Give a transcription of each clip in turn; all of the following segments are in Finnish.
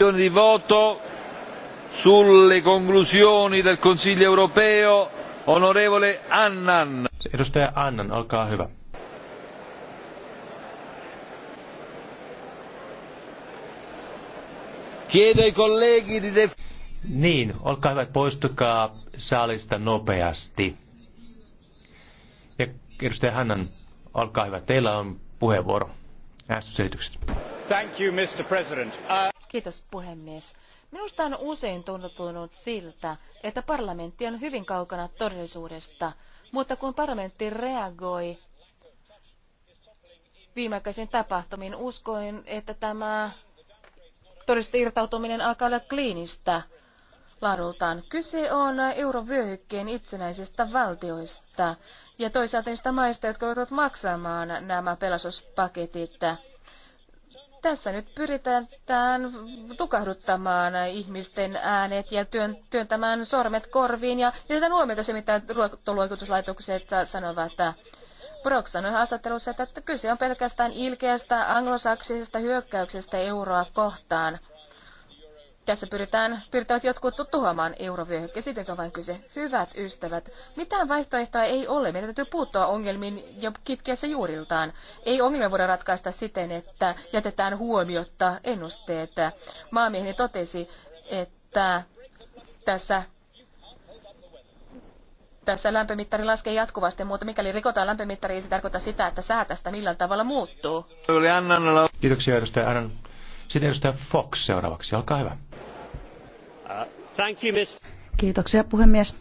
dichiarazione di voto sulle conclusioni del Consiglio europeo, onorevole Annan. Edustaja Annan, olkaa hyvä. Chiedo ai colleghi di def- niin, olkaa hyvä, poistukaa saalista nopeasti. Ja edustaja Hannan, olkaa hyvä, teillä on puheenvuoro. Äänestysselitykset. Thank you, Mr. President. Uh... Kiitos puhemies. Minusta on usein tuntunut siltä, että parlamentti on hyvin kaukana todellisuudesta, mutta kun parlamentti reagoi viimeaikaisiin tapahtumiin, uskoin, että tämä todellista irtautuminen alkaa olla kliinistä laadultaan. Kyse on eurovyöhykkeen itsenäisistä valtioista ja toisaalta niistä maista, jotka joutuvat maksamaan nämä pelastuspaketit. Tässä nyt pyritään tukahduttamaan ihmisten äänet ja työn, työntämään sormet korviin ja jätetään huomiota se, mitä luottoluokituslaitokset sanovat. Brock sanoi haastattelussa, että kyse on pelkästään ilkeästä anglosaksisesta hyökkäyksestä euroa kohtaan – tässä pyritään, pyritään jotkut tuhoamaan eurovyöhykkeen. Sitten on vain kyse. Hyvät ystävät, mitään vaihtoehtoa ei ole. Meidän täytyy puuttua ongelmiin ja kitkeä se juuriltaan. Ei ongelmia voida ratkaista siten, että jätetään huomiotta ennusteet. Maamieheni totesi, että tässä tässä lämpömittari laskee jatkuvasti, mutta mikäli rikotaan lämpömittaria, se tarkoittaa sitä, että sää tästä millään tavalla muuttuu. Kiitoksia edustaja Aron. Sitten edustaja Fox seuraavaksi, olkaa hyvä. Uh, thank you, Mr. Kiitoksia puhemies.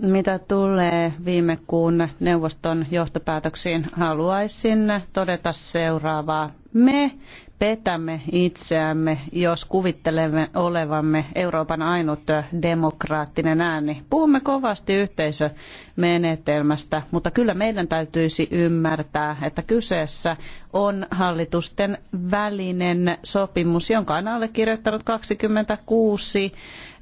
Mitä tulee viime kuun neuvoston johtopäätöksiin, haluaisin todeta seuraavaa. Me petämme itseämme, jos kuvittelemme olevamme Euroopan ainut demokraattinen ääni. Puhumme kovasti yhteisömenetelmästä, mutta kyllä meidän täytyisi ymmärtää, että kyseessä on hallitusten välinen sopimus, jonka on allekirjoittanut 26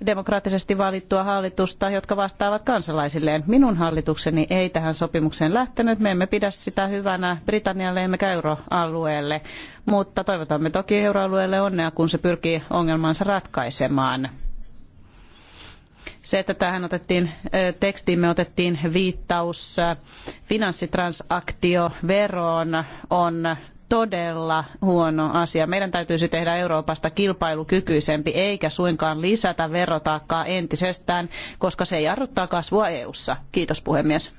demokraattisesti valittua hallitusta, jotka vastaavat kansalaisilleen. Minun hallitukseni ei tähän sopimukseen lähtenyt. Me emme pidä sitä hyvänä Britannialle emmekä euroalueelle, mutta toivotamme toki euroalueelle onnea, kun se pyrkii ongelmansa ratkaisemaan. Se, että tähän otettiin, tekstiimme otettiin viittaus finanssitransaktioveroon, on todella huono asia. Meidän täytyisi tehdä Euroopasta kilpailukykyisempi, eikä suinkaan lisätä verotaakkaa entisestään, koska se jarruttaa kasvua EU:ssa. Kiitos puhemies.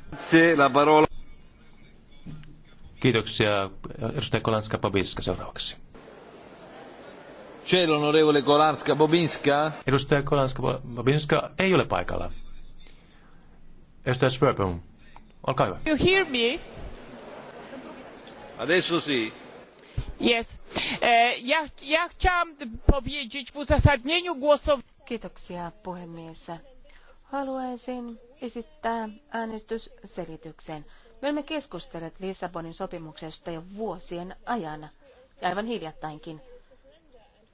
Kiitoksia. Edustaja Kolanska Babinska seuraavaksi. C'è l'onorevole Kolanska Babinska? Edustaja Kolanska Bobinska ei ole paikalla. Edustaja Sverpum, olkaa hyvä. You hear me? Adesso sì. Si. Yes. E, ja, ja chciałam powiedzieć w uzasadnieniu głosowania. Kiitoksia puhemies. Haluaisin esittää äänestysselityksen. Me olemme keskustelleet Lissabonin sopimuksesta jo vuosien ajan, ja aivan hiljattainkin.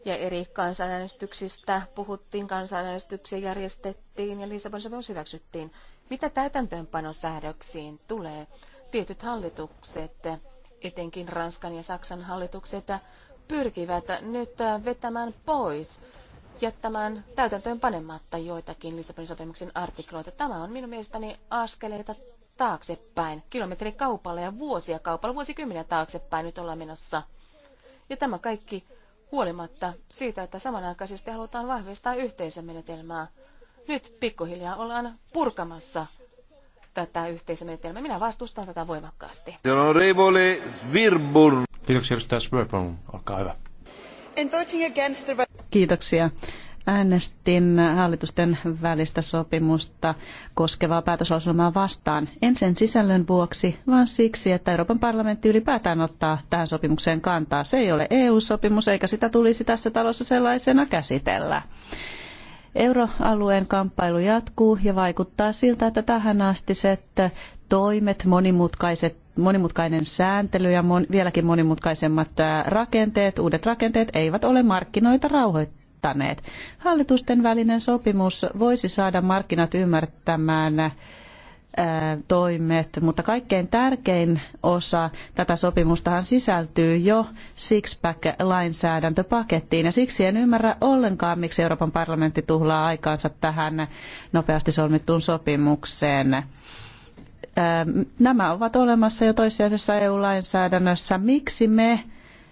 Ja eri kansanäänestyksistä puhuttiin, kansanäänestyksiä järjestettiin ja Lissabonin sopimus hyväksyttiin. Mitä täytäntöönpanosäädöksiin tulee? Tietyt hallitukset etenkin Ranskan ja Saksan hallitukset, pyrkivät nyt vetämään pois jättämään täytäntöön panematta joitakin Lissabonin sopimuksen artikloita. Tämä on minun mielestäni askeleita taaksepäin, kilometrin kaupalla ja vuosia kaupalla, vuosikymmeniä taaksepäin nyt ollaan menossa. Ja tämä kaikki huolimatta siitä, että samanaikaisesti halutaan vahvistaa yhteisömenetelmää. Nyt pikkuhiljaa ollaan purkamassa tätä yhteisömenetelmää. Minä vastustan tätä voimakkaasti. Kiitoksia edustaja Svirburn. Olkaa hyvä. Kiitoksia äänestin hallitusten välistä sopimusta koskevaa päätöslauselmaa vastaan. En sen sisällön vuoksi, vaan siksi, että Euroopan parlamentti ylipäätään ottaa tähän sopimukseen kantaa. Se ei ole EU-sopimus, eikä sitä tulisi tässä talossa sellaisena käsitellä. Euroalueen kamppailu jatkuu ja vaikuttaa siltä, että tähän asti toimet, monimutkaiset, monimutkainen sääntely ja mon, vieläkin monimutkaisemmat rakenteet, uudet rakenteet eivät ole markkinoita rauhoittaneet. Hallitusten välinen sopimus voisi saada markkinat ymmärtämään toimet, mutta kaikkein tärkein osa tätä sopimustahan sisältyy jo Sixpack-lainsäädäntöpakettiin, ja siksi en ymmärrä ollenkaan, miksi Euroopan parlamentti tuhlaa aikaansa tähän nopeasti solmittuun sopimukseen. Nämä ovat olemassa jo toissijaisessa EU-lainsäädännössä. Miksi me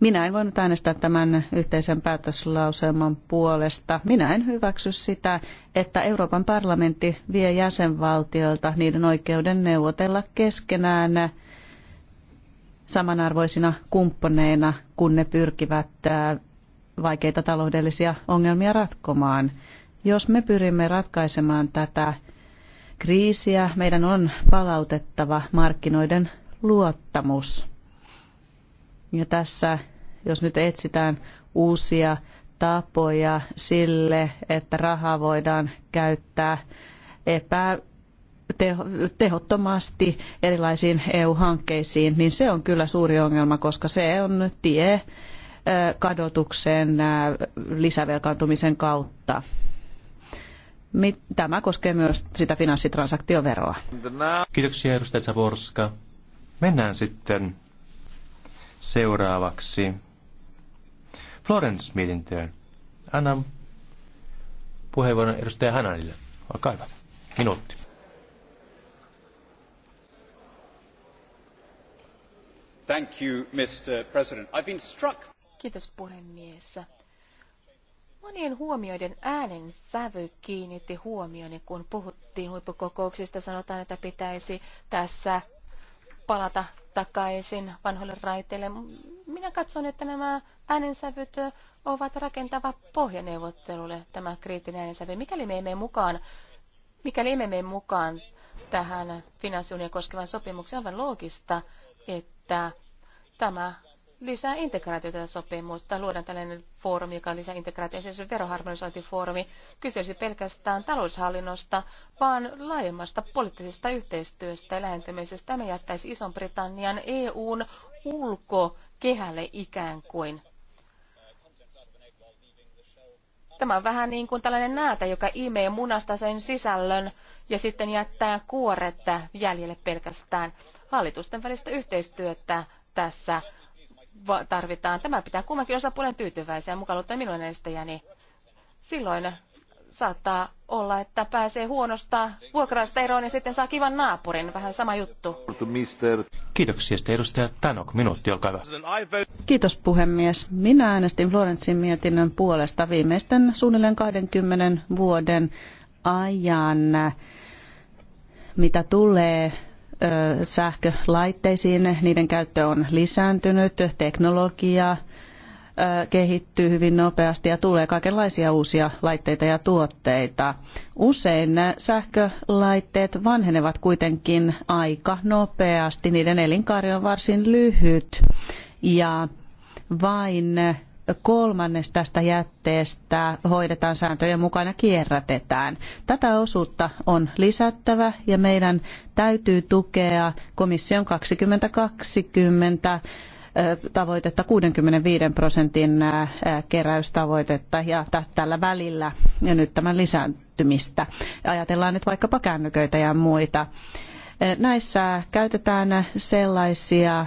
minä en voinut äänestää tämän yhteisen päätöslauselman puolesta. Minä en hyväksy sitä, että Euroopan parlamentti vie jäsenvaltioilta niiden oikeuden neuvotella keskenään samanarvoisina kumppaneina, kun ne pyrkivät vaikeita taloudellisia ongelmia ratkomaan. Jos me pyrimme ratkaisemaan tätä kriisiä, meidän on palautettava markkinoiden luottamus ja tässä, jos nyt etsitään uusia tapoja sille, että rahaa voidaan käyttää epä tehottomasti erilaisiin EU-hankkeisiin, niin se on kyllä suuri ongelma, koska se on tie kadotuksen lisävelkaantumisen kautta. Tämä koskee myös sitä finanssitransaktioveroa. Kiitoksia edustaja Zaborska. Mennään sitten seuraavaksi Florence-mietintöön. Annan puheenvuoron edustaja Hananille. Olkaa hyvä. Minuutti. Thank you, Mr. President. I've been struck... Kiitos puhemies. Monien huomioiden äänen sävy kiinnitti huomioni, kun puhuttiin huippukokouksista. Sanotaan, että pitäisi tässä palata takaisin vanhoille raiteille. Minä katson, että nämä äänensävyt ovat rakentava pohja neuvottelulle, tämä kriittinen äänensävy. Mikäli me emme mukaan, mikäli emme mene mukaan tähän finanssiunia koskevan sopimukseen, on loogista, että tämä lisää integraatiota sopimusta. Luodaan tällainen foorumi, joka on lisää integraatiota, esimerkiksi veroharmonisointifoorumi. Kyse olisi pelkästään taloushallinnosta, vaan laajemmasta poliittisesta yhteistyöstä ja lähentämisestä. Tämä jättäisi Ison-Britannian EUn ulkokehälle ikään kuin. Tämä on vähän niin kuin tällainen näätä, joka imee munasta sen sisällön ja sitten jättää kuoretta jäljelle pelkästään hallitusten välistä yhteistyötä tässä tarvitaan. Tämä pitää kummankin osapuolen tyytyväisiä, mukaan luottaen minun äänestäjäni. Silloin saattaa olla, että pääsee huonosta vuokraista eroon ja sitten saa kivan naapurin. Vähän sama juttu. Kiitoksia. Sitten edustaja Tanok, minuutti, olkaa hyvä. Kiitos puhemies. Minä äänestin Florentsin mietinnön puolesta viimeisten suunnilleen 20 vuoden ajan, mitä tulee sähkölaitteisiin. Niiden käyttö on lisääntynyt, teknologia kehittyy hyvin nopeasti ja tulee kaikenlaisia uusia laitteita ja tuotteita. Usein sähkölaitteet vanhenevat kuitenkin aika nopeasti. Niiden elinkaari on varsin lyhyt ja vain kolmannes tästä jätteestä hoidetaan sääntöjen mukaan ja kierrätetään. Tätä osuutta on lisättävä ja meidän täytyy tukea komission 2020 tavoitetta 65 prosentin keräystavoitetta ja tällä välillä ja nyt tämän lisääntymistä. Ajatellaan nyt vaikkapa kännyköitä ja muita. Näissä käytetään sellaisia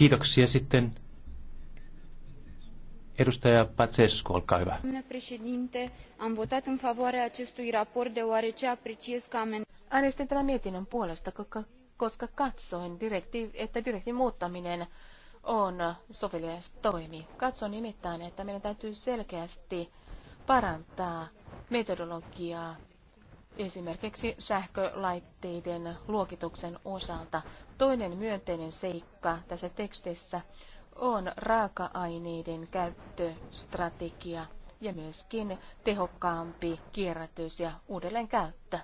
Kiitoksia sitten. Edustaja Pacescu, olkaa hyvä. am votat în favoarea acestui raport deoarece apreciez că Äänestin tämän mietinnön puolesta, koska katsoin, direktiiv, että direktiivin muuttaminen on sovelias toimi. Katson nimittäin, että meidän täytyy selkeästi parantaa metodologiaa esimerkiksi sähkölaitteiden luokituksen osalta. Toinen myönteinen seikka tässä tekstissä on raaka-aineiden käyttöstrategia ja myöskin tehokkaampi kierrätys ja uudelleenkäyttö.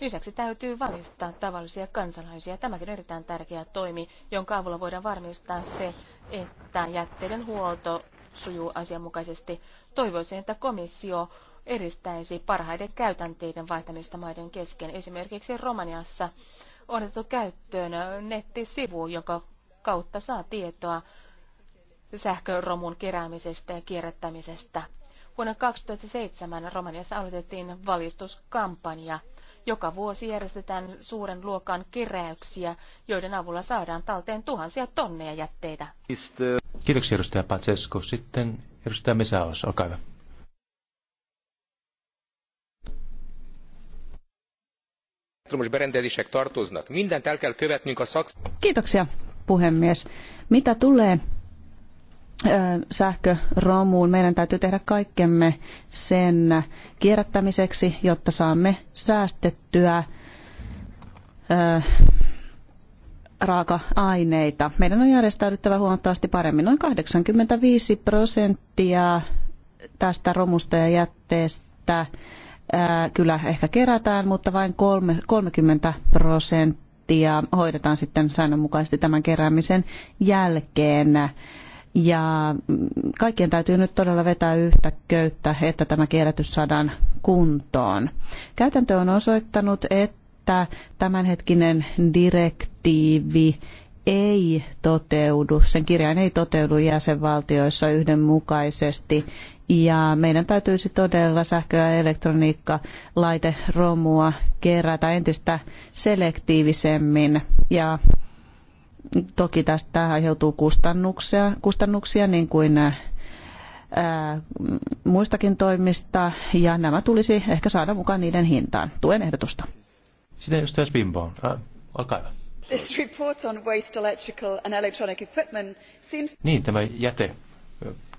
Lisäksi täytyy valistaa tavallisia kansalaisia. Tämäkin on erittäin tärkeä toimi, jonka avulla voidaan varmistaa se, että jätteiden huolto sujuu asianmukaisesti. Toivoisin, että komissio edistäisi parhaiden käytänteiden vaihtamista maiden kesken. Esimerkiksi Romaniassa on otettu käyttöön nettisivu, jonka kautta saa tietoa sähköromun keräämisestä ja kierrättämisestä. Vuonna 2007 Romaniassa aloitettiin valistuskampanja. Joka vuosi järjestetään suuren luokan keräyksiä, joiden avulla saadaan talteen tuhansia tonneja jätteitä. Kiitoksia edustaja Patsesku. Sitten edustaja Mesaos, olkaa hyvä. elektromos berendezések tartoznak. Mindent el kell követnünk a szak... Kiitoksia, puhemies. Mitä tulee sähköromuun. Meidän täytyy tehdä kaikkemme sen kierrättämiseksi, jotta saamme säästettyä raaka-aineita. Meidän on järjestäydyttävä huomattavasti paremmin. Noin 85 prosenttia tästä romusta ja jätteestä kyllä ehkä kerätään, mutta vain 30 prosenttia hoidetaan sitten säännönmukaisesti tämän keräämisen jälkeen. Ja mm, kaikkien täytyy nyt todella vetää yhtä köyttä, että tämä kierrätys saadaan kuntoon. Käytäntö on osoittanut, että tämänhetkinen direktiivi ei toteudu, sen kirjain ei toteudu jäsenvaltioissa yhdenmukaisesti ja meidän täytyisi todella sähkö- ja elektroniikka, laite, romua kerätä entistä selektiivisemmin. Ja toki tästä aiheutuu kustannuksia, kustannuksia niin kuin äh, muistakin toimista, ja nämä tulisi ehkä saada mukaan niiden hintaan. Tuen ehdotusta. Sitten edustaja Swinburne, äh, olkaa hyvä. This report on waste electrical and electronic equipment seems... Niin, tämä jäte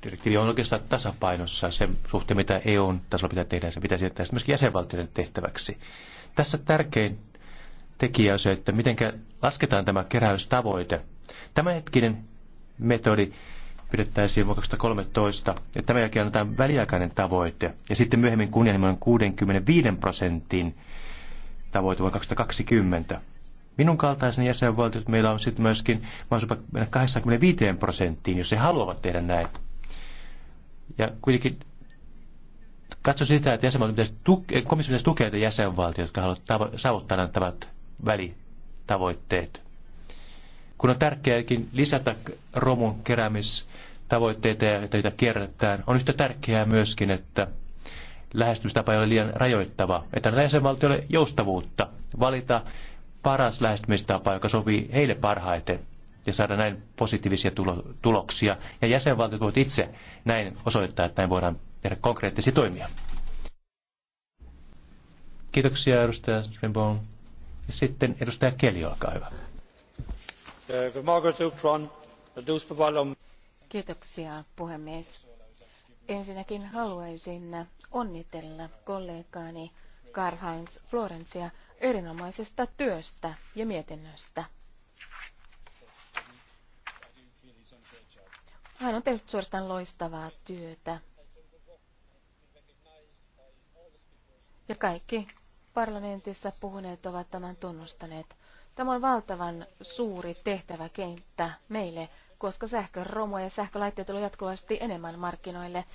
direktiivi on oikeastaan tasapainossa sen suhteen, mitä EUn tasolla pitää tehdä. Se pitäisi jättää myöskin jäsenvaltioiden tehtäväksi. Tässä tärkein tekijä on se, että miten lasketaan tämä keräystavoite. Tämänhetkinen metodi pidettäisiin vuonna 2013, ja tämän jälkeen annetaan väliaikainen tavoite, ja sitten myöhemmin kunnianhimoinen 65 prosentin tavoite vuonna 2020 minun kaltaisen jäsenvaltiot meillä on sitten myöskin mahdollisuus mennä 85 prosenttiin, jos he haluavat tehdä näin. Ja kuitenkin katso sitä, että jäsenvaltiot pitäisi tuke, eh, komissio pitäisi tukea että jäsenvaltiot, jotka haluavat tavo- saavuttaa nämä välitavoitteet. Kun on tärkeääkin lisätä romun keräämistavoitteita ja että niitä kierrätään, on yhtä tärkeää myöskin, että lähestymistapa ei ole liian rajoittava, että näillä jäsenvaltioille joustavuutta valita paras lähestymistapa, joka sopii heille parhaiten ja saada näin positiivisia tulo- tuloksia. Ja jäsenvaltiot voivat itse näin osoittaa, että näin voidaan tehdä konkreettisia toimia. Kiitoksia edustaja Swinburne. Ja sitten edustaja Keli, olkaa hyvä. Kiitoksia puhemies. Ensinnäkin haluaisin onnitella kollegaani Karl-Heinz Florencia erinomaisesta työstä ja mietinnöstä. Hän on tehnyt suorastaan loistavaa työtä. Ja kaikki parlamentissa puhuneet ovat tämän tunnustaneet. Tämä on valtavan suuri tehtäväkenttä meille, koska sähköromua ja sähkölaitteet on jatkuvasti enemmän markkinoille.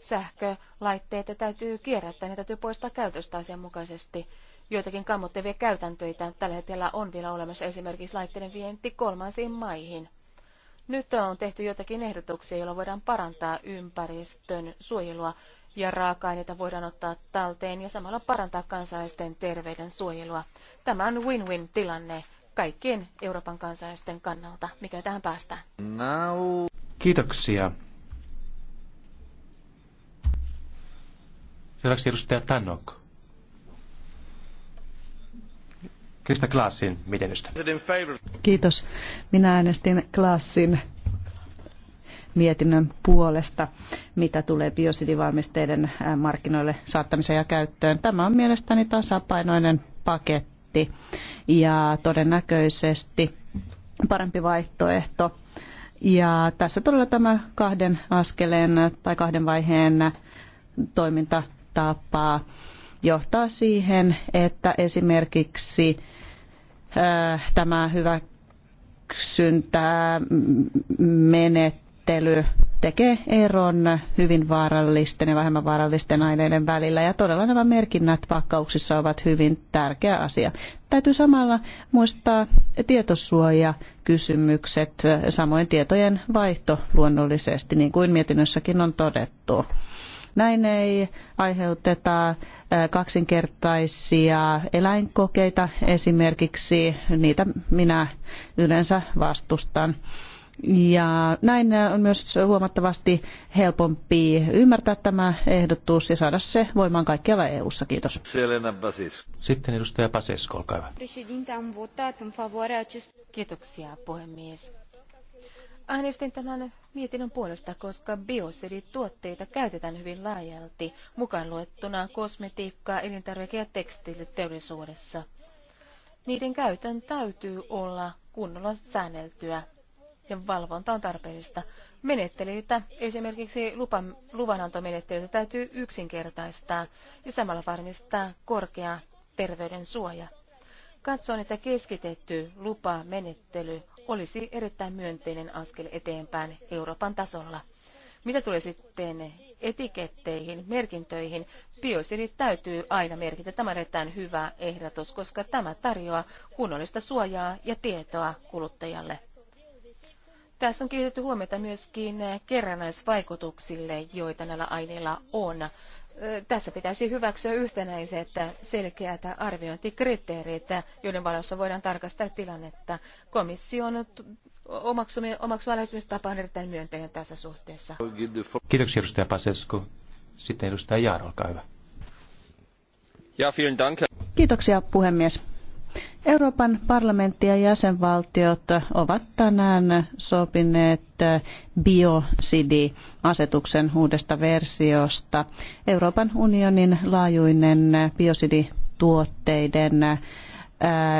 Sähkölaitteita täytyy kierrättää, ne täytyy poistaa käytöstä asianmukaisesti joitakin kammottavia käytäntöitä tällä hetkellä on vielä olemassa esimerkiksi laitteiden vienti kolmansiin maihin. Nyt on tehty joitakin ehdotuksia, joilla voidaan parantaa ympäristön suojelua ja raaka-aineita voidaan ottaa talteen ja samalla parantaa kansalaisten terveyden suojelua. Tämä on win-win tilanne kaikkien Euroopan kansalaisten kannalta, mikä tähän päästään. Now. Kiitoksia. Seuraavaksi edustaja Tanok. Krista Glassin mietinnöstä. Kiitos. Minä äänestin Glassin mietinnön puolesta, mitä tulee biosidivalmisteiden markkinoille saattamiseen ja käyttöön. Tämä on mielestäni tasapainoinen paketti ja todennäköisesti parempi vaihtoehto. Ja tässä todella tämä kahden askeleen tai kahden vaiheen toimintatapaa johtaa siihen, että esimerkiksi äh, tämä hyväksyntämenettely mm, tekee eron hyvin vaarallisten ja vähemmän vaarallisten aineiden välillä. Ja todella nämä merkinnät pakkauksissa ovat hyvin tärkeä asia. Täytyy samalla muistaa tietosuojakysymykset, samoin tietojen vaihto luonnollisesti, niin kuin mietinnössäkin on todettu. Näin ei aiheuteta kaksinkertaisia eläinkokeita esimerkiksi, niitä minä yleensä vastustan. Ja näin on myös huomattavasti helpompi ymmärtää tämä ehdotus ja saada se voimaan kaikkialla EU-ssa. Kiitos. Sitten edustaja Pasesko, olkaa hyvä. Kiitoksia puhemies Äänestin tämän mietinnön puolesta, koska biosidituotteita käytetään hyvin laajalti, mukaan luettuna kosmetiikkaa, elintarvike- ja tekstiiliteollisuudessa. Niiden käytön täytyy olla kunnolla säänneltyä ja valvonta on tarpeellista. Menettelyitä, esimerkiksi lupan, luvanantomenettelyitä, täytyy yksinkertaistaa ja samalla varmistaa korkea terveyden suoja. Katson, että keskitetty lupamenettely olisi erittäin myönteinen askel eteenpäin Euroopan tasolla. Mitä tulee sitten etiketteihin, merkintöihin, biosidit täytyy aina merkitä. Tämä on erittäin hyvä ehdotus, koska tämä tarjoaa kunnollista suojaa ja tietoa kuluttajalle. Tässä on kiinnitetty huomiota myöskin kerrannaisvaikutuksille, joita näillä aineilla on tässä pitäisi hyväksyä yhtenäiset selkeät arviointikriteerit, joiden valossa voidaan tarkastaa tilannetta. Komissio on omaksuma lähestymistapa on erittäin myönteinen tässä suhteessa. Kiitoksia edustaja Pasescu. Sitten edustaja Jaar, olkaa hyvä. Kiitoksia puhemies. Euroopan parlamentti ja jäsenvaltiot ovat tänään sopineet biosidi-asetuksen uudesta versiosta. Euroopan unionin laajuinen biosidituotteiden äh,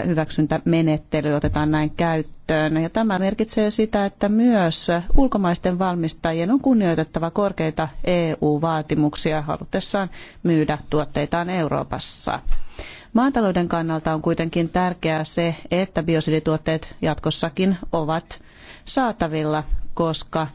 hyväksyntämenettely otetaan näin käyttöön. Ja tämä merkitsee sitä, että myös ulkomaisten valmistajien on kunnioitettava korkeita EU-vaatimuksia halutessaan myydä tuotteitaan Euroopassa. Maatalouden kannalta on kuitenkin tärkeää se, että biosidituotteet jatkossakin ovat saatavilla, koska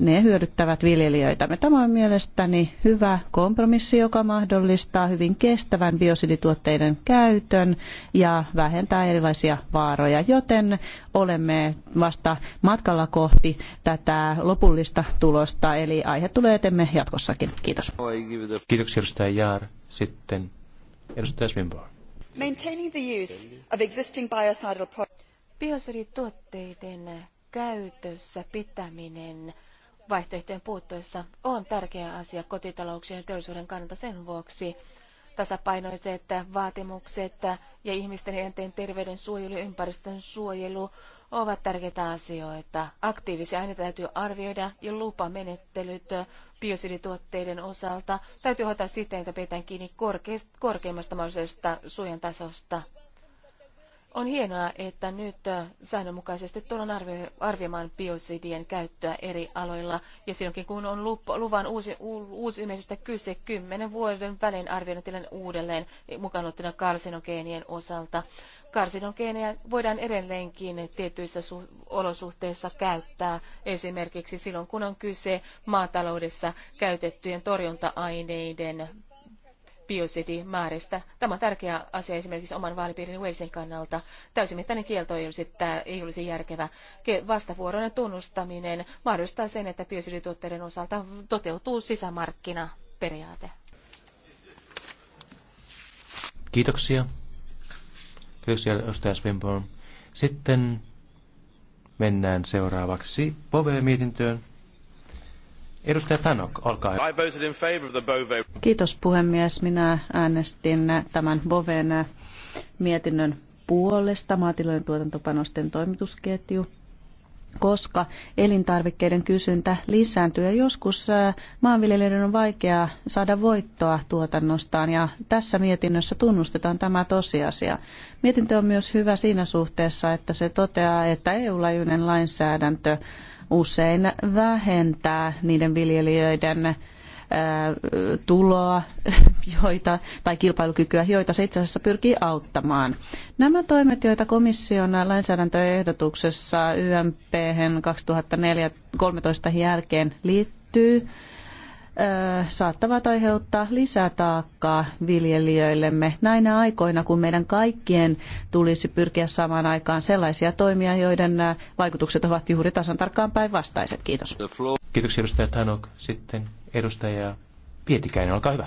ne hyödyttävät viljelijöitämme. Tämä on mielestäni hyvä kompromissi, joka mahdollistaa hyvin kestävän biosidituotteiden käytön ja vähentää erilaisia vaaroja, joten olemme vasta matkalla kohti tätä lopullista tulosta, eli aihe tulee etemme jatkossakin. Kiitos. Kiitoksia edustaja Jaar. Sitten Edustaja Swinburne. Maintaining the use of existing biocidal Biosidituotteiden käytössä pitäminen vaihtoehtojen puuttuessa on tärkeä asia kotitalouksien ja teollisuuden kannalta sen vuoksi. Tasapainoiset vaatimukset ja ihmisten enteen terveyden suojelu ja ympäristön suojelu ovat tärkeitä asioita. Aktiivisia aineita täytyy arvioida ja lupamenettelyt biosidituotteiden osalta täytyy hoitaa siten, että pidetään kiinni korkeimmasta mahdollisesta suojan tasosta. On hienoa, että nyt äh, säännönmukaisesti tullaan arvioimaan biosidien käyttöä eri aloilla. Ja silloinkin kun on luvan uusi, uusimisesta kyse, kymmenen vuoden välein arvioidaan uudelleen mukaan ottuna karsinogeenien osalta. Karsinogeeneja voidaan edelleenkin tietyissä olosuhteissa käyttää, esimerkiksi silloin kun on kyse maataloudessa käytettyjen torjunta-aineiden biosidi Tämä on tärkeä asia esimerkiksi oman vaalipiirin Walesin kannalta. Täysimittainen kielto ei olisi, tää, ei olisi järkevä. Vastavuoroinen tunnustaminen mahdollistaa sen, että biosidituotteiden osalta toteutuu sisämarkkinaperiaate. Kiitoksia. Kiitoksia, edustaja Sitten mennään seuraavaksi pove mietintöön. Edustaja Tanok, olkaa hyvä. Kiitos puhemies. Minä äänestin tämän Boven mietinnön puolesta maatilojen tuotantopanosten toimitusketju koska elintarvikkeiden kysyntä lisääntyy ja joskus maanviljelijöiden on vaikeaa saada voittoa tuotannostaan ja tässä mietinnössä tunnustetaan tämä tosiasia. Mietintö on myös hyvä siinä suhteessa, että se toteaa, että EU-laajuinen lainsäädäntö usein vähentää niiden viljelijöiden äh, tuloa joita, tai kilpailukykyä, joita se itse asiassa pyrkii auttamaan. Nämä toimet, joita komission lainsäädäntöehdotuksessa YMP 2013 jälkeen liittyy, saattavat aiheuttaa lisätaakkaa viljelijöillemme näinä aikoina, kun meidän kaikkien tulisi pyrkiä samaan aikaan sellaisia toimia, joiden vaikutukset ovat juuri tasan tarkkaan päinvastaiset. Kiitos. Kiitoksia edustaja Tanok. Sitten edustaja Pietikäinen, olkaa hyvä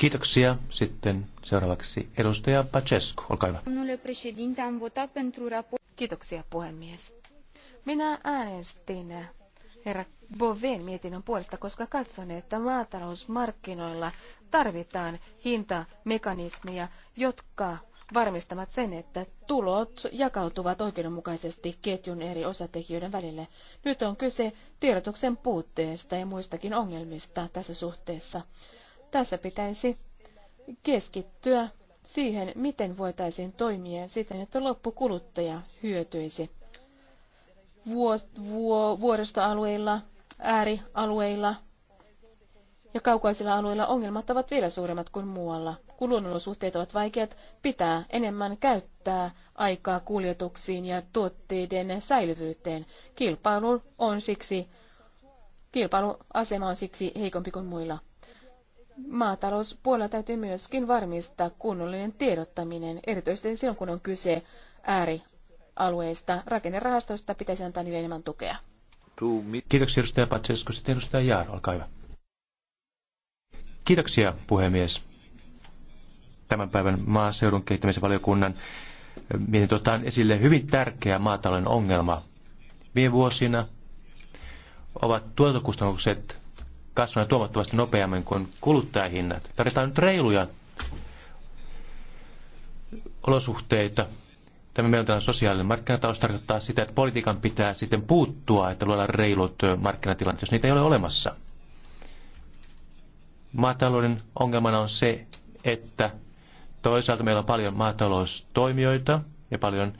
Kiitoksia. Sitten seuraavaksi edustaja Pacescu, olkaa hyvä. Kiitoksia puhemies. Minä äänestin herra Boven mietinnön puolesta, koska katson, että maatalousmarkkinoilla tarvitaan hintamekanismeja, jotka varmistavat sen, että tulot jakautuvat oikeudenmukaisesti ketjun eri osatekijöiden välille. Nyt on kyse tiedotuksen puutteesta ja muistakin ongelmista tässä suhteessa. Tässä pitäisi keskittyä siihen, miten voitaisiin toimia siten, että loppukuluttaja hyötyisi. vuoristoalueilla, äärialueilla ja kaukaisilla alueilla ongelmat ovat vielä suuremmat kuin muualla. Kun luonnonolosuhteet ovat vaikeat, pitää enemmän käyttää aikaa kuljetuksiin ja tuotteiden säilyvyyteen. Kilpailu on siksi, kilpailuasema on siksi heikompi kuin muilla maatalouspuolella täytyy myöskin varmistaa kunnollinen tiedottaminen, erityisesti silloin kun on kyse äärialueista. Rakennerahastoista pitäisi antaa niille enemmän tukea. Kiitoksia edustaja Patsesko. Sitten edustaja Jaar, olkaa hyvä. Kiitoksia puhemies. Tämän päivän maaseudun kehittämisen valiokunnan mietintö otetaan esille hyvin tärkeä maatalouden ongelma. Viime vuosina ovat tuotantokustannukset kasvaneet huomattavasti nopeammin kuin kuluttajahinnat. Tarvitaan nyt reiluja olosuhteita. Tämä on sosiaalinen markkinatalous tarkoittaa sitä, että politiikan pitää sitten puuttua, että luodaan reilut markkinatilanteet, jos niitä ei ole olemassa. Maatalouden ongelmana on se, että toisaalta meillä on paljon maataloustoimijoita ja paljon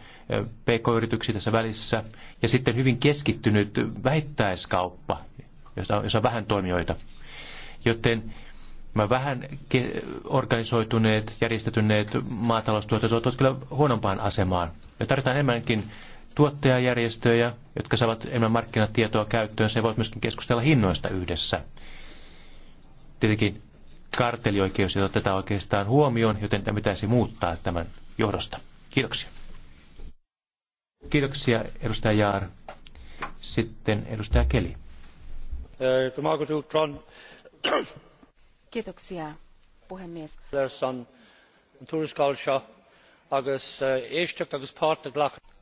pk-yrityksiä tässä välissä, ja sitten hyvin keskittynyt vähittäiskauppa, jossa on vähän toimijoita. Joten Mä vähän organisoituneet, järjestetyneet maataloustuotteet ovat kyllä huonompaan asemaan. Me tarvitaan enemmänkin tuottajajärjestöjä, jotka saavat enemmän markkinatietoa käyttöön, Se voivat myöskin keskustella hinnoista yhdessä. Tietenkin kartelioikeus ei oteta oikeastaan huomioon, joten tämä pitäisi muuttaa tämän johdosta. Kiitoksia. Kiitoksia, edustaja Jaar. Sitten edustaja Keli arvoisa eh, puhemies. Eh,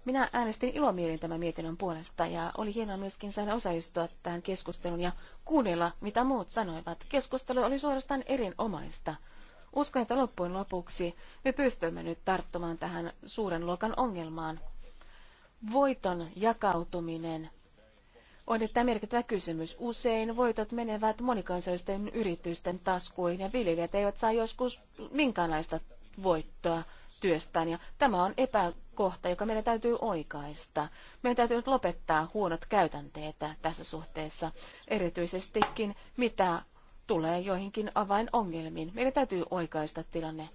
Minä äänestin ilomielin tämän mietinnön puolesta ja oli hienoa myöskin saada osallistua tähän keskusteluun ja kuunnella, mitä muut sanoivat. Keskustelu oli suorastaan erinomaista. Uskon, että loppujen lopuksi me pystymme nyt tarttumaan tähän suuren luokan ongelmaan. Voiton jakautuminen on että merkittävä kysymys. Usein voitot menevät monikansallisten yritysten taskuihin ja viljelijät eivät saa joskus minkäänlaista voittoa työstään. Ja tämä on epäkohta, joka meidän täytyy oikaista. Meidän täytyy nyt lopettaa huonot käytänteet tässä suhteessa, erityisestikin mitä tulee joihinkin avainongelmiin. Meidän täytyy oikaista tilanne.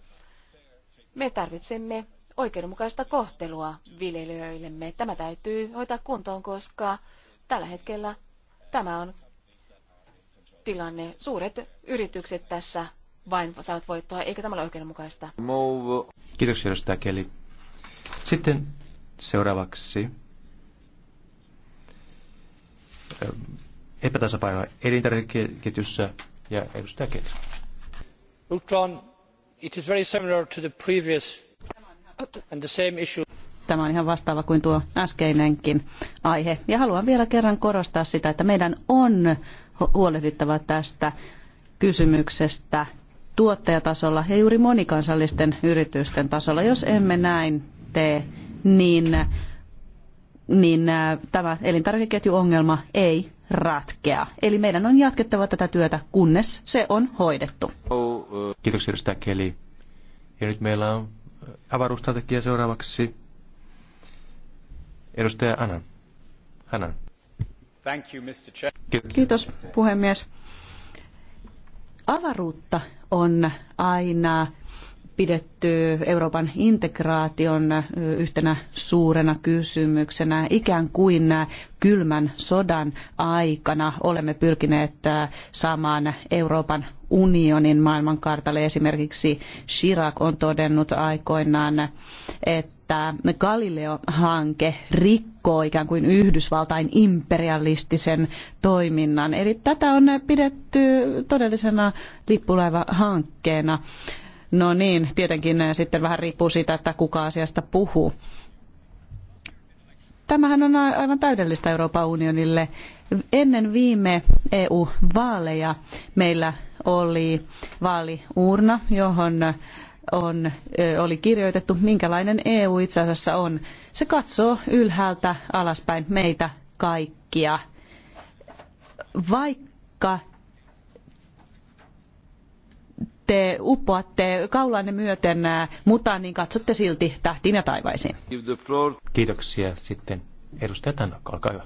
Me tarvitsemme oikeudenmukaista kohtelua viljelijöillemme. Tämä täytyy hoitaa kuntoon, koska Tällä hetkellä tämä on tilanne. Suuret yritykset tässä vain saavat voittoa, eikä tämä ole oikeudenmukaista. Move. Kiitoksia, edustaja Keli. Sitten seuraavaksi eh, epätasapaino elintarvikeketjussa ja edustaja Keli. Ultron, it is very similar to the previous and the same issue Tämä on ihan vastaava kuin tuo äskeinenkin aihe. Ja haluan vielä kerran korostaa sitä, että meidän on huolehdittava tästä kysymyksestä tuottajatasolla ja juuri monikansallisten yritysten tasolla. Jos emme näin tee, niin, niin äh, tämä elintarvikeketjuongelma ei ratkea. Eli meidän on jatkettava tätä työtä, kunnes se on hoidettu. Kiitoksia edustaja Keli. Ja nyt meillä on avaruustrategia seuraavaksi. Edustaja Kiitos. Kiitos puhemies. Avaruutta on aina pidetty Euroopan integraation yhtenä suurena kysymyksenä. Ikään kuin kylmän sodan aikana olemme pyrkineet saamaan Euroopan unionin maailmankartalle. Esimerkiksi Chirac on todennut aikoinaan, että Galileo-hanke rikkoo ikään kuin Yhdysvaltain imperialistisen toiminnan. Eli tätä on pidetty todellisena lippulaivahankkeena. hankkeena No niin, tietenkin äh, sitten vähän riippuu siitä, että kuka asiasta puhuu. Tämähän on aivan täydellistä Euroopan unionille. Ennen viime EU-vaaleja meillä oli vaaliurna, johon on, oli kirjoitettu, minkälainen EU itse asiassa on. Se katsoo ylhäältä alaspäin meitä kaikkia. Vaikka te uppoatte kaulanne myöten mutta niin katsotte silti tähtiin ja taivaisiin. Kiitoksia. Sitten edustaja Tanakka, olkaa hyvä.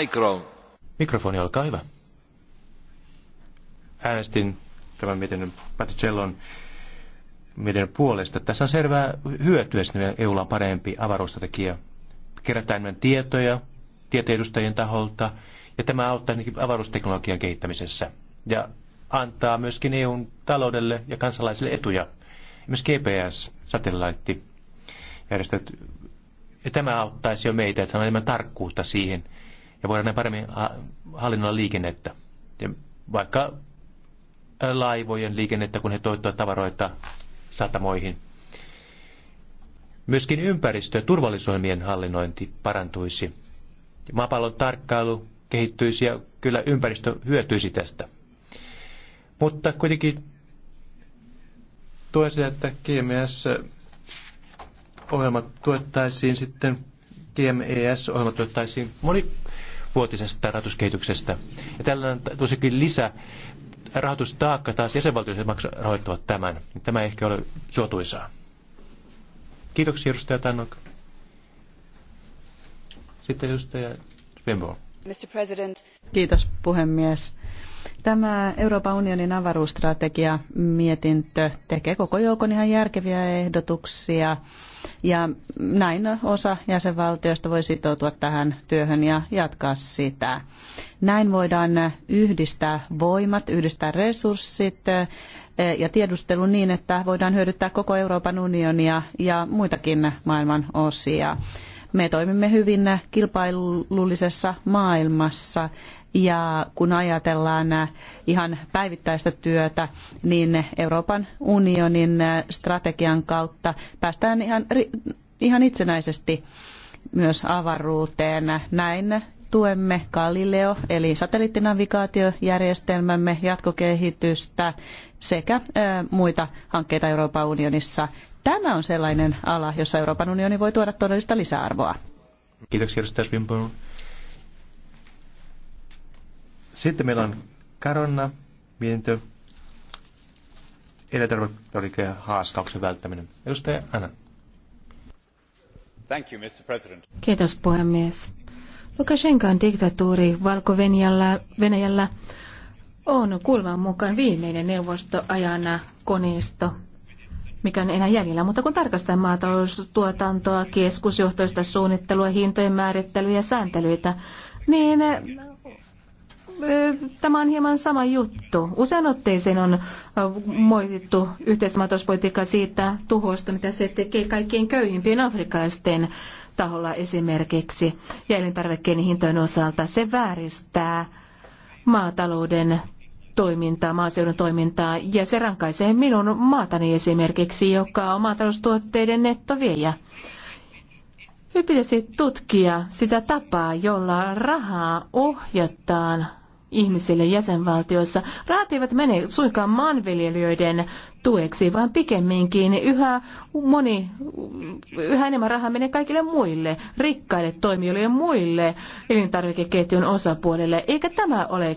Mikro. Mikrofoni, olkaa hyvä. Äänestin tämän mietinnön Paticellon mietinnön puolesta. Tässä on selvää hyötyä, että EUlla on parempi avaruustrategia. Kerätään tietoja tieteen taholta, ja tämä auttaa ainakin avaruusteknologian kehittämisessä ja antaa myöskin EUn taloudelle ja kansalaisille etuja. Myös GPS-satelliitti järjestöt. Ja tämä auttaisi jo meitä, että on enemmän tarkkuutta siihen ja voidaan näin paremmin hallinnoida liikennettä. Ja vaikka laivojen liikennettä, kun he toivottavat tavaroita satamoihin. Myöskin ympäristö- ja turvallisuusohjelmien hallinnointi parantuisi. Maapallon tarkkailu kehittyisi ja kyllä ympäristö hyötyisi tästä. Mutta kuitenkin tuen sitä, että GMS-ohjelmat tuettaisiin sitten, GMES-ohjelmat tuettaisiin monivuotisesta rahoituskehityksestä. Ja tällainen tosikin lisä rahoitustaakka taas jäsenvaltioiden rahoittavat tämän. Tämä ei ehkä ole suotuisaa. Kiitoksia edustaja Tannok. Sitten edustaja Svenborg arvoisa Kiitos puhemies. Tämä Euroopan unionin avaruusstrategia mietintö tekee koko joukon ihan järkeviä ehdotuksia ja näin osa jäsenvaltioista voi sitoutua tähän työhön ja jatkaa sitä. Näin voidaan yhdistää voimat, yhdistää resurssit eh, ja tiedustelu niin, että voidaan hyödyttää koko Euroopan unionia ja muitakin maailman osia. Me toimimme hyvin kilpailullisessa maailmassa ja kun ajatellaan ihan päivittäistä työtä, niin Euroopan unionin strategian kautta päästään ihan, ihan itsenäisesti myös avaruuteen. Näin tuemme Galileo eli satelliittinavigaatiojärjestelmämme jatkokehitystä sekä muita hankkeita Euroopan unionissa. Tämä on sellainen ala, jossa Euroopan unioni voi tuoda todellista lisäarvoa. Kiitoksia, edustaja Swinburne. Sitten meillä on Karonna, mietintö, elintarvikepolitiikan haaskauksen välttäminen. Edustaja Anna. Thank you, Mr. President. Kiitos puhemies. Lukashenkan diktatuuri Valko-Venäjällä on kulman mukaan viimeinen neuvostoajana koneisto, mikä on enää jäljellä. Mutta kun tarkastetaan maataloustuotantoa, keskusjohtoista suunnittelua, hintojen määrittelyä ja sääntelyitä, niin tämä on hieman sama juttu. Usein otteeseen on moitittu yhteistä siitä tuhosta, mitä se tekee kaikkien köyhimpien afrikkalaisten taholla esimerkiksi ja elintarvikkeiden hintojen osalta. Se vääristää maatalouden toimintaa, maaseudun toimintaa, ja se rankaisee minun maatani esimerkiksi, joka on maataloustuotteiden nettoviejä. Nyt pitäisi tutkia sitä tapaa, jolla rahaa ohjataan ihmisille jäsenvaltioissa. Rahat eivät mene suinkaan maanviljelijöiden tueksi, vaan pikemminkin yhä, moni, yhä enemmän rahaa menee kaikille muille, rikkaille toimijoille ja muille elintarvikeketjun osapuolelle, Eikä tämä ole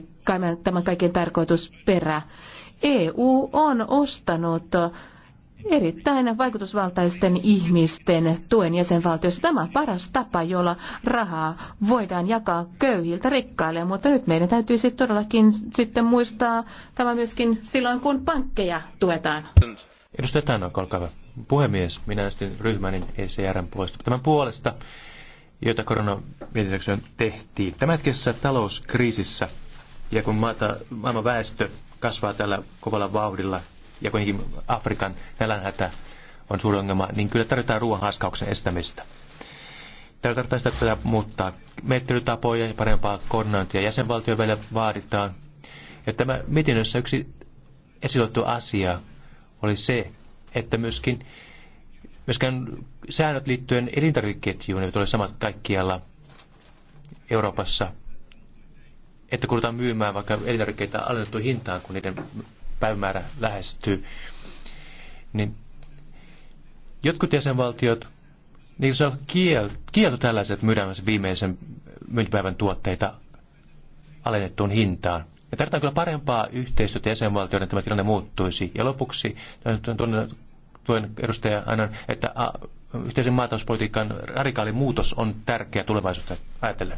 tämän kaiken tarkoitusperä. EU on ostanut erittäin vaikutusvaltaisten ihmisten tuen jäsenvaltiossa. Tämä on paras tapa, jolla rahaa voidaan jakaa köyhiltä rikkaille, mutta nyt meidän täytyy sitten todellakin sitten muistaa tämä myöskin silloin, kun pankkeja tuetaan. Edustaja Tanok, olkaa Puhemies, minä sitten ryhmäni ECRn puolesta tämän puolesta, jota koronamietitykseen tehtiin. hetkessä talouskriisissä ja kun maata, maailman väestö kasvaa tällä kovalla vauhdilla, ja kuitenkin Afrikan nälänhätä on suuri ongelma, niin kyllä tarvitaan ruoan haskauksen estämistä. Täällä tarvitaan sitä, että muuttaa menettelytapoja ja parempaa koordinointia jäsenvaltioiden välillä vaaditaan. Ja tämä mietinnössä yksi esiloittu asia oli se, että myöskin, myöskin säännöt liittyen elintarvikeketjuun eivät ole samat kaikkialla Euroopassa että kun ruvetaan myymään vaikka elintarvikkeita alennettuun hintaan, kun niiden päivämäärä lähestyy, niin jotkut jäsenvaltiot, niin se on kielto, kielto tällaiset myydään viimeisen myyntipäivän tuotteita alennettuun hintaan. Ja tarvitaan kyllä parempaa yhteistyötä jäsenvaltioiden, että tämä tilanne muuttuisi. Ja lopuksi tuen edustaja aina, että yhteisen maatalouspolitiikan radikaali muutos on tärkeä tulevaisuutta ajatellen.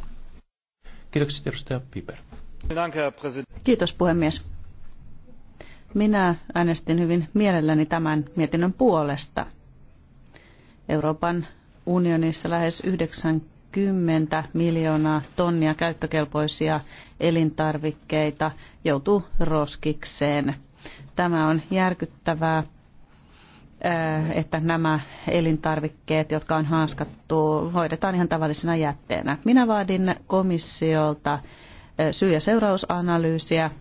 Kiitokset edustaja Piper. Kiitos puhemies. Minä äänestin hyvin mielelläni tämän mietinnön puolesta. Euroopan unionissa lähes 90 miljoonaa tonnia käyttökelpoisia elintarvikkeita joutuu roskikseen. Tämä on järkyttävää Äh, että nämä elintarvikkeet, jotka on haaskattu, hoidetaan ihan tavallisena jätteenä. Minä vaadin komissiolta äh, syy- ja seurausanalyysiä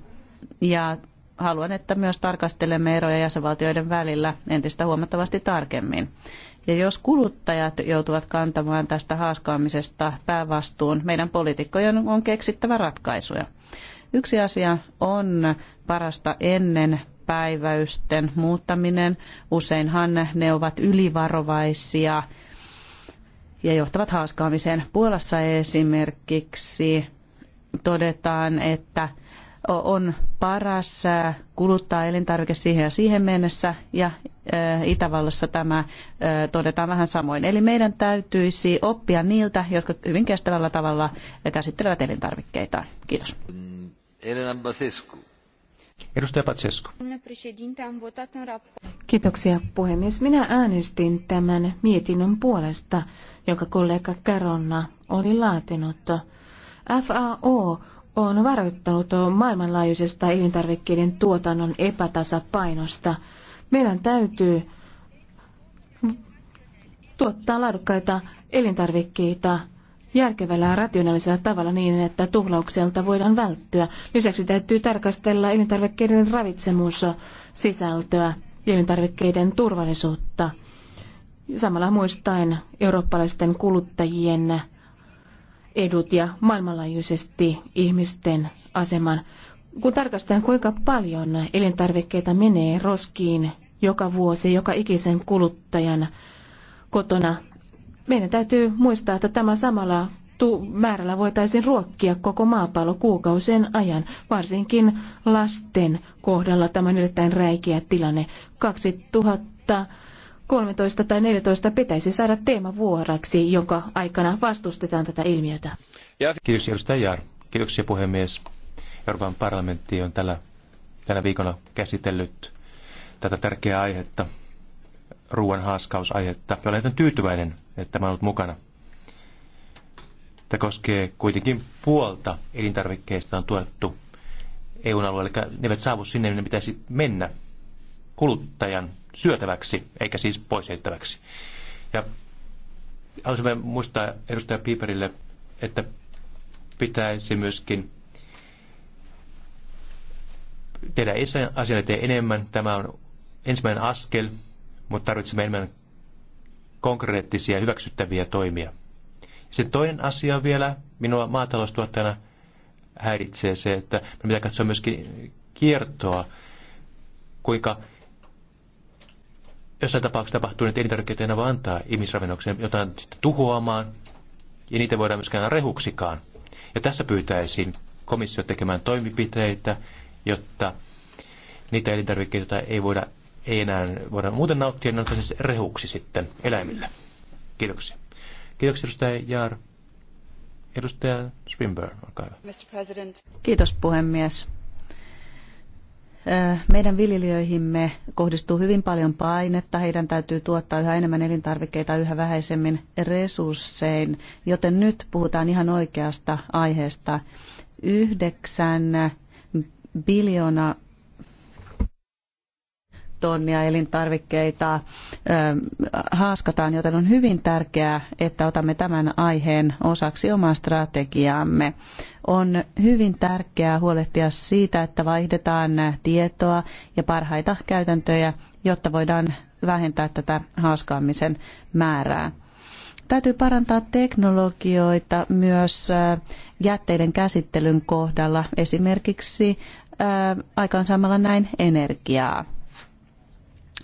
ja haluan, että myös tarkastelemme eroja jäsenvaltioiden välillä entistä huomattavasti tarkemmin. Ja jos kuluttajat joutuvat kantamaan tästä haaskaamisesta päävastuun, meidän poliitikkojen on keksittävä ratkaisuja. Yksi asia on parasta ennen päiväysten muuttaminen. Useinhan ne ovat ylivarovaisia ja johtavat haaskaamiseen. Puolassa esimerkiksi todetaan, että on paras äh, kuluttaa elintarvike siihen ja siihen mennessä ja äh, Itävallassa tämä äh, todetaan vähän samoin. Eli meidän täytyisi oppia niiltä, jotka hyvin kestävällä tavalla käsittelevät elintarvikkeitaan. Kiitos. Elena Basescu. Edustaja Patsesku. Kiitoksia puhemies. Minä äänestin tämän mietinnön puolesta, jonka kollega Karonna oli laatinut. FAO on varoittanut maailmanlaajuisesta elintarvikkeiden tuotannon epätasapainosta. Meidän täytyy tuottaa laadukkaita elintarvikkeita järkevällä ja rationaalisella tavalla niin, että tuhlaukselta voidaan välttyä. Lisäksi täytyy tarkastella elintarvikkeiden ravitsemussisältöä ja elintarvikkeiden turvallisuutta. Samalla muistaen eurooppalaisten kuluttajien edut ja maailmanlaajuisesti ihmisten aseman. Kun tarkastetaan, kuinka paljon elintarvikkeita menee roskiin joka vuosi, joka ikisen kuluttajan kotona meidän täytyy muistaa, että tämä samalla määrällä voitaisiin ruokkia koko maapallo kuukausien ajan, varsinkin lasten kohdalla tämä on erittäin räikeä tilanne. 2000 tai 14 pitäisi saada teemavuoraksi, jonka aikana vastustetaan tätä ilmiötä. Kiitos edustaja Jaar. Kiitoksia puhemies. Euroopan parlamentti on tällä, tänä viikolla käsitellyt tätä tärkeää aihetta ruoan haaskausaihetta. Ja olen tyytyväinen, että mä ollut mukana. Tämä koskee kuitenkin puolta elintarvikkeista on tuettu EUn alueelle, eli ne eivät saavu sinne, minne niin pitäisi mennä kuluttajan syötäväksi, eikä siis pois heittäväksi. Ja haluaisimme muistaa edustaja Piiperille, että pitäisi myöskin tehdä asian eteen enemmän. Tämä on ensimmäinen askel mutta tarvitsemme enemmän konkreettisia hyväksyttäviä toimia. Sitten toinen asia vielä minua maataloustuottajana häiritsee se, että me pitää katsoa myöskin kiertoa, kuinka jossain tapauksessa tapahtuu, että elintarvikkeita enää voi antaa ihmisravinnokseen jotain tuhoamaan, ja niitä voidaan myöskään rehuksikaan. Ja tässä pyytäisin komissio tekemään toimipiteitä, jotta niitä elintarvikkeita, joita ei voida ei enää voida muuten nauttia, ne on siis rehuksi sitten eläimille. Kiitoksia. Kiitoksia edustaja Jaar. Edustaja Swinburne, olkaa hyvä. Mr. President. Kiitos puhemies. Meidän viljelijöihimme kohdistuu hyvin paljon painetta. Heidän täytyy tuottaa yhä enemmän elintarvikkeita yhä vähäisemmin resurssein, joten nyt puhutaan ihan oikeasta aiheesta. Yhdeksän biljoona tonnia elintarvikkeita haaskataan, joten on hyvin tärkeää, että otamme tämän aiheen osaksi omaa strategiaamme. On hyvin tärkeää huolehtia siitä, että vaihdetaan tietoa ja parhaita käytäntöjä, jotta voidaan vähentää tätä haaskaamisen määrää täytyy parantaa teknologioita myös jätteiden käsittelyn kohdalla, esimerkiksi aikaansaamalla näin energiaa.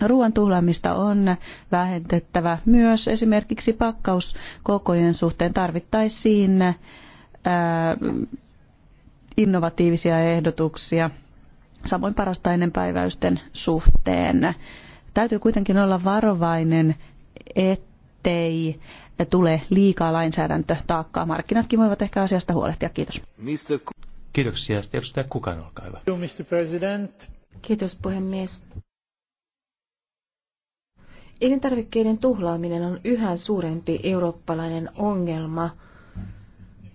Ruoan tuhlaamista on vähentettävä myös esimerkiksi pakkauskokojen suhteen tarvittaisiin ää, äh, innovatiivisia ehdotuksia, samoin parasta päiväysten suhteen. Täytyy kuitenkin olla varovainen, ettei tule liikaa lainsäädäntötaakkaa. Markkinatkin voivat ehkä asiasta huolehtia. Kiitos. Kiitoksia. Edustaja Kukan, olkaa hyvä. Kiitos puhemies. Elintarvikkeiden tuhlaaminen on yhä suurempi eurooppalainen ongelma,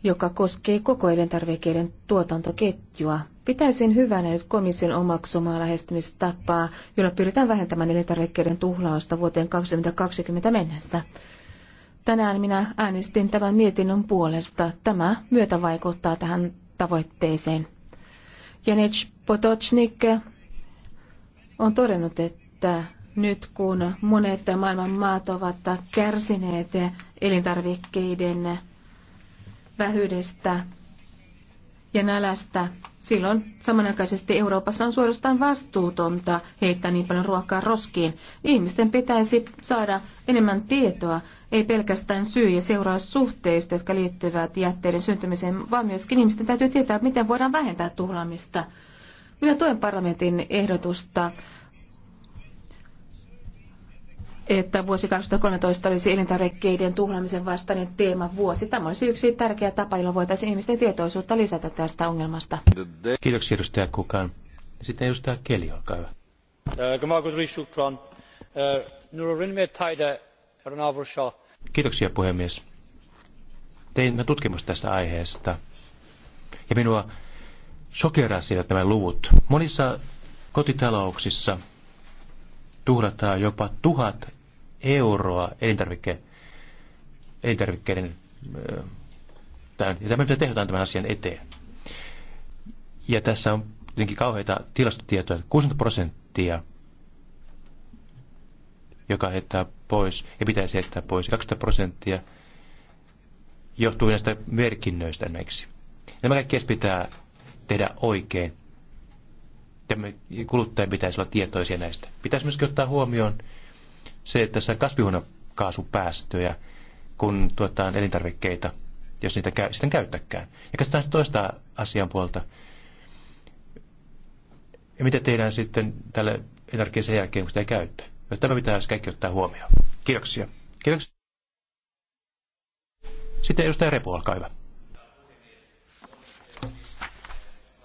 joka koskee koko elintarvikkeiden tuotantoketjua. Pitäisin hyvänä nyt komission omaksumaa lähestymistapaa, jolla pyritään vähentämään elintarvikkeiden tuhlausta vuoteen 2020 mennessä. Tänään minä äänestin tämän mietinnön puolesta. Tämä myötä vaikuttaa tähän tavoitteeseen. Janic Potocnik on todennut, että nyt kun monet maailman maat ovat kärsineet elintarvikkeiden vähyydestä ja nälästä, silloin samanaikaisesti Euroopassa on suorastaan vastuutonta heittää niin paljon ruokaa roskiin. Ihmisten pitäisi saada enemmän tietoa, ei pelkästään syy- ja seuraussuhteista, jotka liittyvät jätteiden syntymiseen, vaan myöskin ihmisten täytyy tietää, miten voidaan vähentää tuhlaamista. Minä tuen parlamentin ehdotusta että vuosi 2013 olisi elintarvikkeiden tuhlaamisen vastainen teema vuosi. Tämä olisi yksi tärkeä tapa, jolla voitaisiin ihmisten tietoisuutta lisätä tästä ongelmasta. Kiitoksia edustaja Kukan. Sitten edustaja Keli, olkaa hyvä. Äh, äh, Kiitoksia puhemies. Tein tutkimus tästä aiheesta. Ja minua shokerasivat nämä luvut. Monissa kotitalouksissa – tuhrataan jopa tuhat euroa elintarvikke, elintarvikkeiden ja tämä mitä tehdään tämän asian eteen. Ja tässä on tietenkin kauheita tilastotietoja, että 60 prosenttia, joka heittää pois, ja pitäisi heittää pois, 20 prosenttia johtuu näistä merkinnöistä esimerkiksi. Nämä kaikki pitää tehdä oikein kuluttajien pitäisi olla tietoisia näistä. Pitäisi myöskin ottaa huomioon se, että tässä kasvihuonekaasupäästöjä, kun tuotetaan elintarvikkeita, jos niitä käy, sitten käyttäkään. Ja katsotaan toista asian puolta. Ja mitä tehdään sitten tälle energiaa sen jälkeen, kun sitä ei käytä. Ja no, tämä pitää siis kaikki ottaa huomioon. Kiitoksia. Kiitoksia. Sitten edustaja Repu, olkaa hyvä.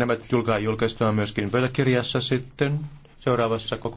Nämä julkaistaan myöskin pöytäkirjassa sitten seuraavassa koko